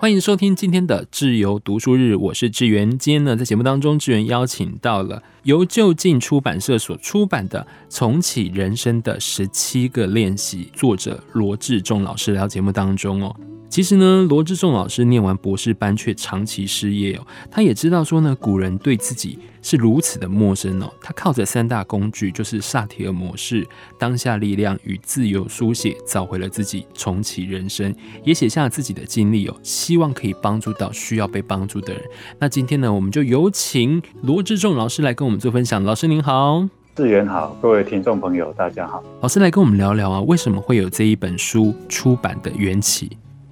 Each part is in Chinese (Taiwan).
歡迎收聽今天的智由讀書日，我是志源。今天呢，在節目當中，志源邀請到了由究竟出版社所出版的《重啟人生的十七個練習》作者羅志仲老師來節目當中哦。其實呢，羅志仲老師念完博士班卻長期失業哦。他也知道說呢，古人對自己是如此的陌生哦。他靠着三大工具，就是薩提爾模式、當下力量與自由書寫，找回了自己，重啟人生，也寫下了自己的經歷哦，希望可以幫助到需要被幫助的人。那今天呢，我們就有請羅志仲老師來跟我們做分享。老師您好，志遠好，各位聽眾朋友大家好。老師來跟我們聊聊啊，為什麼會有這一本書出版的緣起？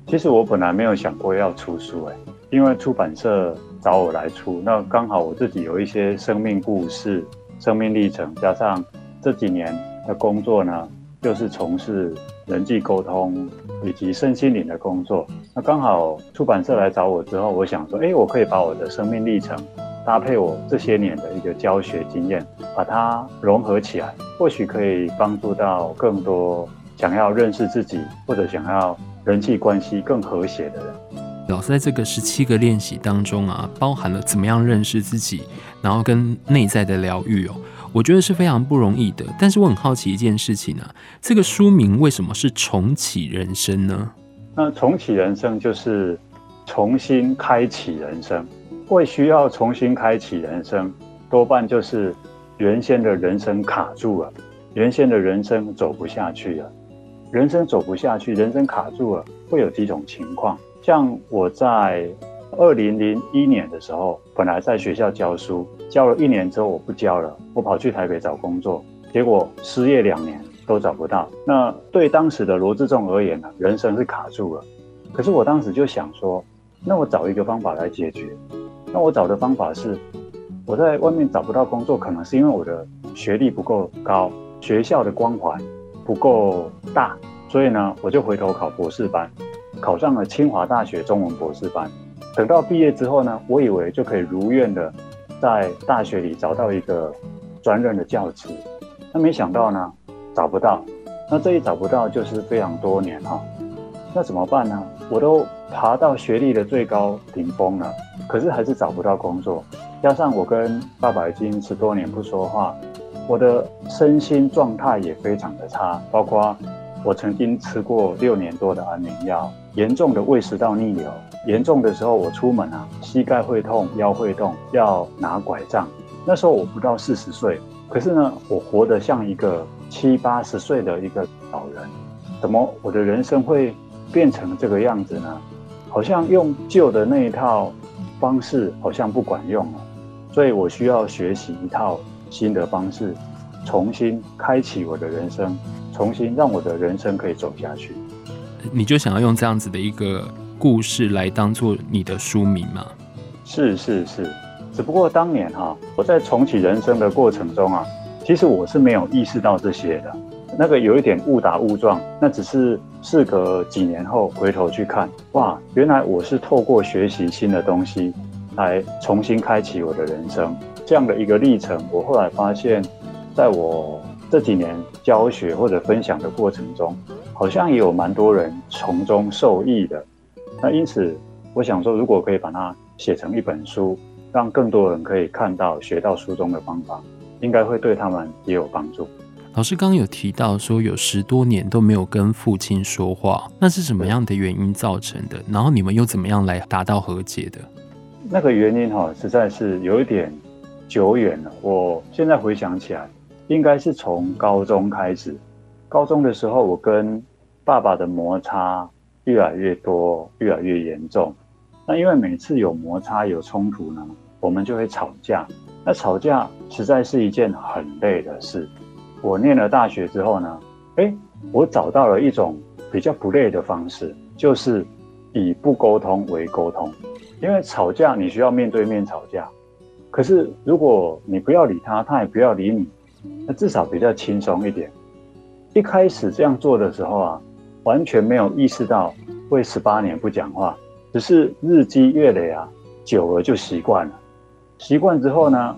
其實我本來沒有想過要出書，欸，誒，因為出版社找我來出，那剛好我自己有一些生命故事、生命歷程，加上這幾年的工作呢，又、就是從事人際溝通以及身心靈的工作，那剛好出版社來找我之後，我想說，誒、欸，我可以把我的生命歷程搭配我這些年的一個教學經驗，把它融合起來，或許可以幫助到更多想要認識自己或者想要。人際關係更和諧的人。老師在這個十七個練習當中啊，包含了怎麼樣認識自己，然後跟內在的療癒哦，我覺得是非常不容易的。但是我很好奇一件事情呢啊，這個書名為什麼是重啟人生呢？那重啟人生就是重新開啟人生，會需要重新開啟人生，多半就是原先的人生卡住了，原先的人生走不下去了。人生走不下去，人生卡住了，會有幾種情況。像我在二零零一年的時候，本來在學校教書，教了一年之後我不教了，我跑去台北找工作，結果失業兩年都找不到。那對當時的羅志仲而言呢，人生是卡住了。可是我當時就想說，那我找一個方法來解決。那我找的方法是，我在外面找不到工作，可能是因為我的學歷不夠高，學校的光環，不夠大，所以呢，我就回頭考博士班，考上了清華大學中文博士班。等到畢業之後呢，我以為就可以如願的在大學裡找到一個專任的教職，那沒想到呢，找不到。那這一找不到就是非常多年哈、啊，那怎麼辦呢？我都爬到學歷的最高頂峰了，可是還是找不到工作。加上我跟爸爸已經十多年不說話。我的身心狀態也非常的差，包括我曾經吃過六年多的安眠藥，嚴重的胃食道逆流。嚴重的時候我出門啊，膝蓋會痛，腰會痛，要拿拐杖。那時候我不到四十歲，可是呢，我活得像一個七八十歲的一個老人。怎麼我的人生會變成這個樣子呢？好像用舊的那一套方式好像不管用了，所以我需要學習一套，新的方式，重新開啟我的人生，重新讓我的人生可以走下去。你就想要用這樣子的一個故事來當做你的書名嗎？是是是，只不過當年哈、啊，我在重啟人生的過程中啊，其實我是沒有意識到這些的。那個有一點誤打誤撞，那只是事隔幾年後回頭去看，哇，原來我是透過學習新的東西，來重新開啟我的人生。這樣的一個歷程，我後來發現，在我這幾年教學或者分享的過程中，好像也有蠻多人從中受益的。那因此，我想說，如果可以把它寫成一本書，讓更多人可以看到學到書中的方法，應該會對他們也有幫助。老師剛剛有提到說，有十多年都沒有跟父親說話，那是什麼樣的原因造成的？然後你們又怎麼樣來達到和解的？那個原因哈、哦，實在是有一點。久遠了，我現在回想起來，應該是從高中開始。高中的時候，我跟爸爸的摩擦越來越多，越來越嚴重。那因為每次有摩擦、有衝突呢，我們就會吵架。那吵架實在是一件很累的事。我念了大學之後呢，誒、欸，我找到了一種比較不累的方式，就是以不溝通為溝通。因為吵架，你需要面對面吵架。可是，如果你不要理他，他也不要理你，那至少比較輕鬆一點。一開始這樣做的時候啊，完全沒有意識到，會十八年不講話，只是日積月累啊，久了就習慣了。習慣之後呢，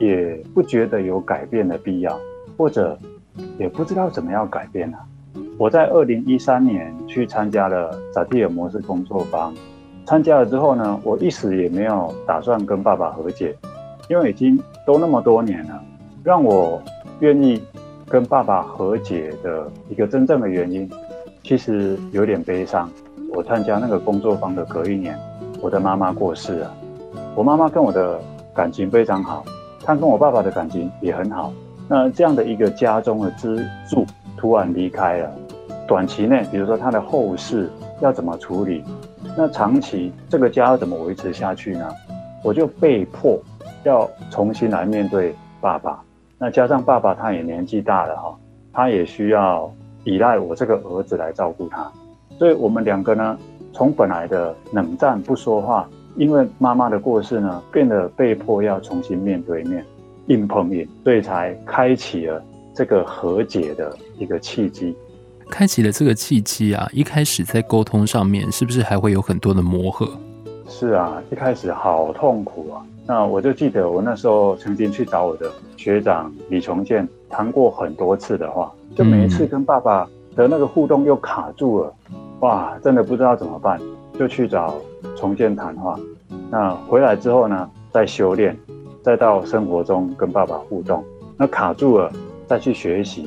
也不覺得有改變的必要，或者也不知道怎麼樣改變了啊。我在二零一三年去參加了薩提爾模式工作坊。參加了之後呢，我一時也沒有打算跟爸爸和解，因為已經都那麼多年了。讓我願意跟爸爸和解的一個真正的原因，其實有點悲傷。我參加那個工作坊的隔一年，我的媽媽過世了。我媽媽跟我的感情非常好，她跟我爸爸的感情也很好。那這樣的一個家中的支柱突然離開了，短期內，比如說他的後事。要怎麼處理？那長期這個家要怎麼維持下去呢？我就被迫要重新來面對爸爸。那加上爸爸他也年紀大了哈、哦，他也需要依賴我這個兒子來照顧他。所以我們兩個呢，從本來的冷戰不說話，因為媽媽的過世呢，變得被迫要重新面對面硬碰硬，所以才開啟了這個和解的一個契機。開啟了這個契機啊！一開始在溝通上面，是不是還會有很多的磨合？是啊，一開始好痛苦啊！那我就記得我那時候曾經去找我的學長李崇建談過很多次的話，就每一次跟爸爸的那個互動又卡住了，哇，真的不知道怎麼辦，就去找崇建談話。那回來之後呢，再修煉，再到生活中跟爸爸互動，那卡住了，再去學習。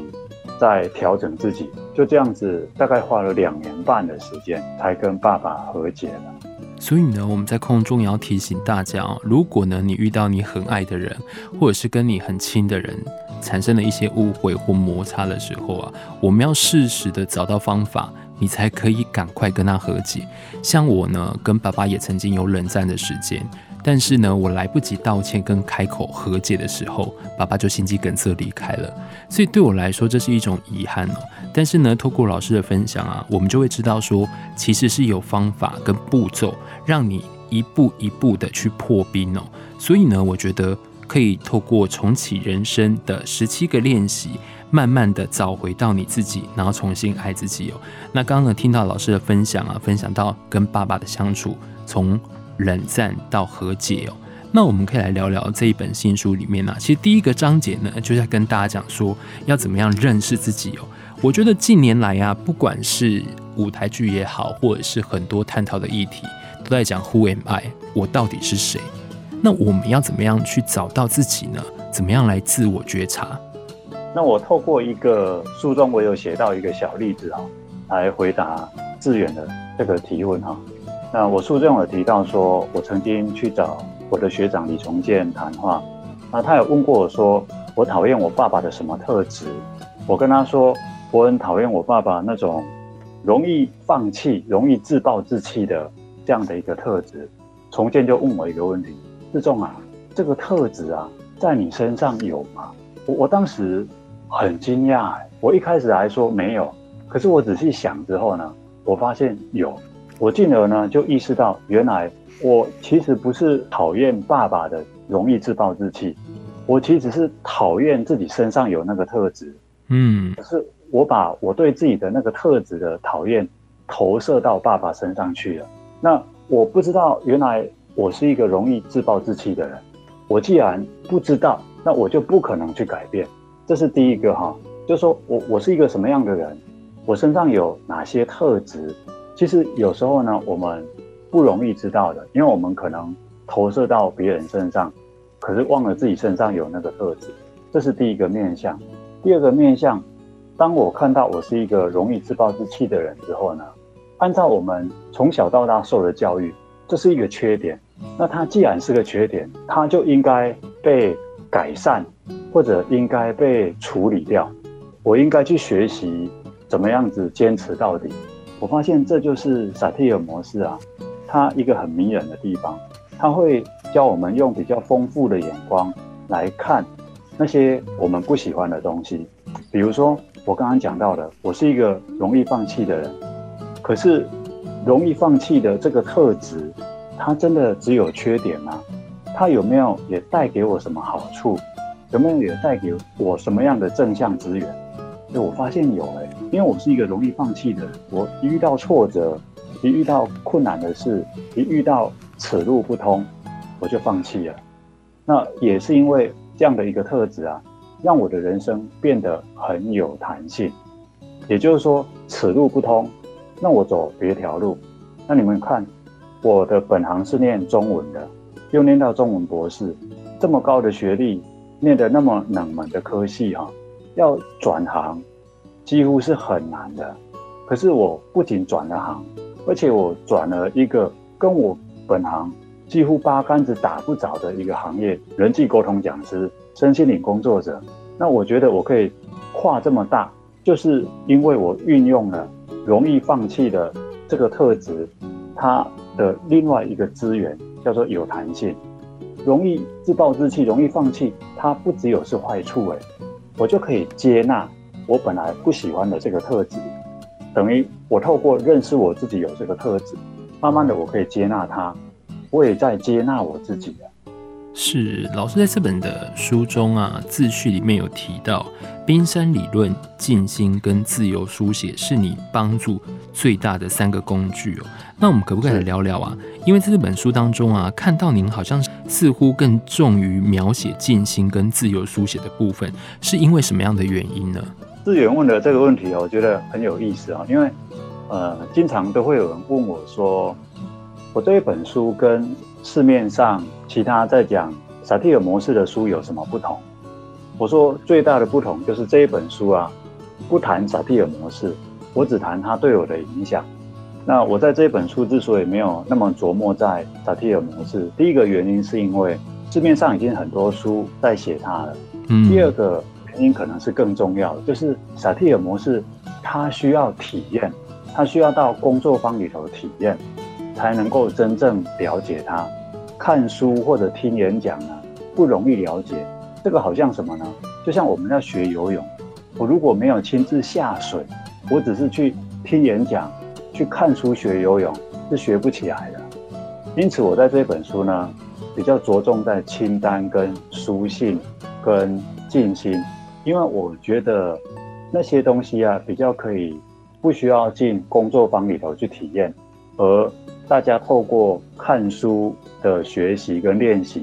在調整自己，就這樣子，大概花了兩年半的時間，才跟爸爸和解了。所以呢，我們在空中也要提醒大家啊，如果呢，你遇到你很愛的人，或者是跟你很親的人，產生了一些誤會或摩擦的時候啊，我們要適時的找到方法，你才可以趕快跟他和解。像我呢，跟爸爸也曾經有冷戰的時間。但是呢，我來不及道歉跟開口和解的時候，爸爸就心肌梗塞離開了。所以對我來說，這是一種遺憾哦。但是呢，透過老師的分享啊，我們就會知道說，其實是有方法跟步驟，讓你一步一步的去破冰哦。所以呢，我覺得可以透過重啟人生的十七個練習，慢慢的找回到你自己，然後重新愛自己哦。那剛剛呢，聽到老師的分享啊，分享到跟爸爸的相處，從冷戰到和解哦、喔，那我們可以來聊聊這一本新書裡面呢、啊。其實第一個章節呢，就在跟大家講說要怎麼樣認識自己哦、喔。我覺得近年來啊，不管是舞台劇也好，或者是很多探討的議題，都在講 “Who am I”？我到底是誰？那我們要怎麼樣去找到自己呢？怎麼樣來自我覺察？那我透過一個書中我有寫到一個小例子啊、喔，來回答志遠的這個提問哈。那我書中有提到說，我曾經去找我的學長李崇建談話，那他有問過我說，我討厭我爸爸的什麼特質？我跟他說，我很討厭我爸爸那種容易放棄、容易自暴自棄的這樣的一個特質。崇建就問我一個問題：志仲啊，這個特質啊，在你身上有嗎？我我當時很驚訝、欸，我一開始還說沒有，可是我仔細想之後呢，我發現有。我進而呢就意識到，原來我其實不是討厭爸爸的容易自暴自棄，我其實是討厭自己身上有那個特質，嗯，可是我把我對自己的那個特質的討厭投射到爸爸身上去了。那我不知道原來我是一個容易自暴自棄的人，我既然不知道，那我就不可能去改變。這是第一個哈，就說我我是一個什麼樣的人，我身上有哪些特質。其實有時候呢，我們不容易知道的，因為我們可能投射到別人身上，可是忘了自己身上有那個特質。這是第一個面向。第二個面向，當我看到我是一個容易自暴自棄的人之後呢，按照我們從小到大受的教育，這是一個缺點。那它既然是個缺點，它就應該被改善，或者應該被處理掉。我應該去學習怎麼樣子堅持到底。我發現這就是薩提爾模式啊，它一個很迷人的地方，它會教我們用比較豐富的眼光來看那些我們不喜歡的東西。比如說我剛剛講到的，我是一個容易放棄的人，可是容易放棄的這個特質，它真的只有缺點嗎？啊？它有沒有也帶給我什麼好處？有沒有也帶給我什麼樣的正向資源？對、欸，我發現有哎、欸，因為我是一個容易放棄的人，我一遇到挫折，一遇到困難的事，一遇到此路不通，我就放棄了。那也是因為這樣的一個特質啊，讓我的人生變得很有彈性。也就是說，此路不通，那我走別條路。那你們看，我的本行是念中文的，又念到中文博士，這麼高的學歷，念得那麼冷門的科系哈、啊。要轉行，幾乎是很難的。可是我不僅轉了行，而且我轉了一個跟我本行幾乎八竿子打不着的一個行業——人際溝通講師、身心靈工作者。那我覺得我可以跨這麼大，就是因為我運用了容易放棄的這個特質，它的另外一個資源叫做有彈性。容易自暴自棄、容易放棄，它不只有是壞處誒、欸我就可以接納我本來不喜歡的這個特質，等於我透過認識我自己有這個特質，慢慢的我可以接納它，我也在接納我自己啊。是老師在這本的書中啊，自序裡面有提到，冰山理論、靜心跟自由書寫是你幫助最大的三個工具哦。那我們可不可以來聊聊啊？因為在這本書當中啊，看到您好像似乎更重於描寫靜心跟自由書寫的部分，是因為什麼樣的原因呢？志遠問的這個問題我覺得很有意思啊，因為呃，經常都會有人問我說，我這一本書跟。市面上其他在講薩提爾模式的書有什麼不同？我說最大的不同就是這一本書啊，不談薩提爾模式，我只談它對我的影響。那我在這本書之所以沒有那麼琢磨在薩提爾模式，第一個原因是因為市面上已經很多書在寫它了。嗯。第二個原因可能是更重要的，就是薩提爾模式它需要體驗，它需要到工作坊裡頭體驗。才能夠真正了解他，看書或者聽演講呢，不容易了解。這個好像什麼呢？就像我們要學游泳，我如果沒有親自下水，我只是去聽演講、去看書學游泳，是學不起來的。因此，我在這本書呢，比較着重在清單、跟書信、跟靜心，因為我覺得那些東西啊，比較可以不需要進工作坊裡頭去體驗，而。大家透過看書的學習跟練習，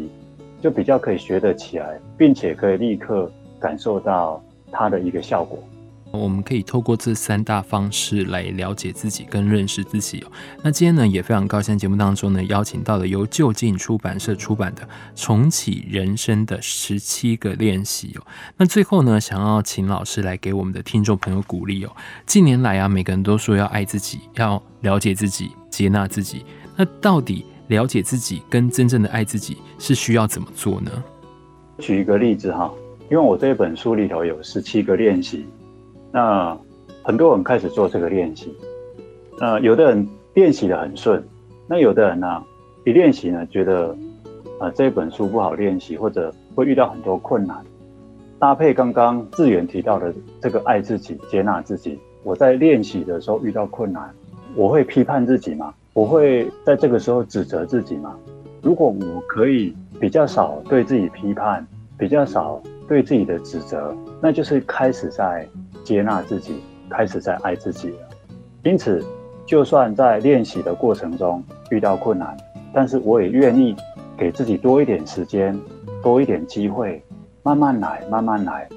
就比較可以學得起來，並且可以立刻感受到它的一個效果。我們可以透過這三大方式來了解自己，跟認識自己哦。那今天呢，也非常高興在節目當中呢邀請到了由就近出版社出版的《重啟人生的十七個練習》哦。那最後呢，想要請老師來給我們的聽眾朋友鼓勵哦。近年來啊，每個人都說要愛自己，要了解自己，接納自己。那到底了解自己跟真正的愛自己是需要怎麼做呢？舉一個例子哈，因為我這本書裡頭有十七個練習。那、呃、很多人開始做這個練習，呃，有的人練習得很順，那有的人呢、啊，一練習呢，覺得，呃，這本書不好練習，或者會遇到很多困難。搭配剛剛志仲提到的這個愛自己、接納自己，我在練習的時候遇到困難，我會批判自己嗎？我會在這個時候指責自己嗎？如果我可以比較少對自己批判，比較少對自己的指責，那就是開始在。接納自己，開始在愛自己了。因此，就算在練習的過程中遇到困難，但是我也願意給自己多一點時間，多一點機會，慢慢來，慢慢來。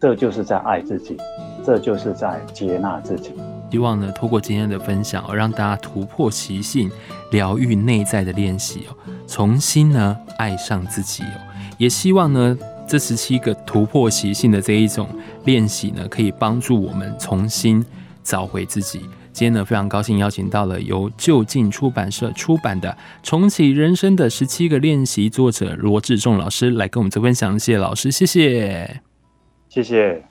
這就是在愛自己，這就是在接納自己。希望呢，透過今天的分享哦，讓大家突破習性，療癒內在的練習哦，重新呢愛上自己哦。也希望呢。這十七個突破習性的這一種練習呢，可以幫助我們重新找回自己。今天呢，非常高興邀請到了由究竟出版社出版的《重啟人生的十七個練習》作者羅志仲老師來跟我們做分享。謝謝老師，謝謝，謝謝。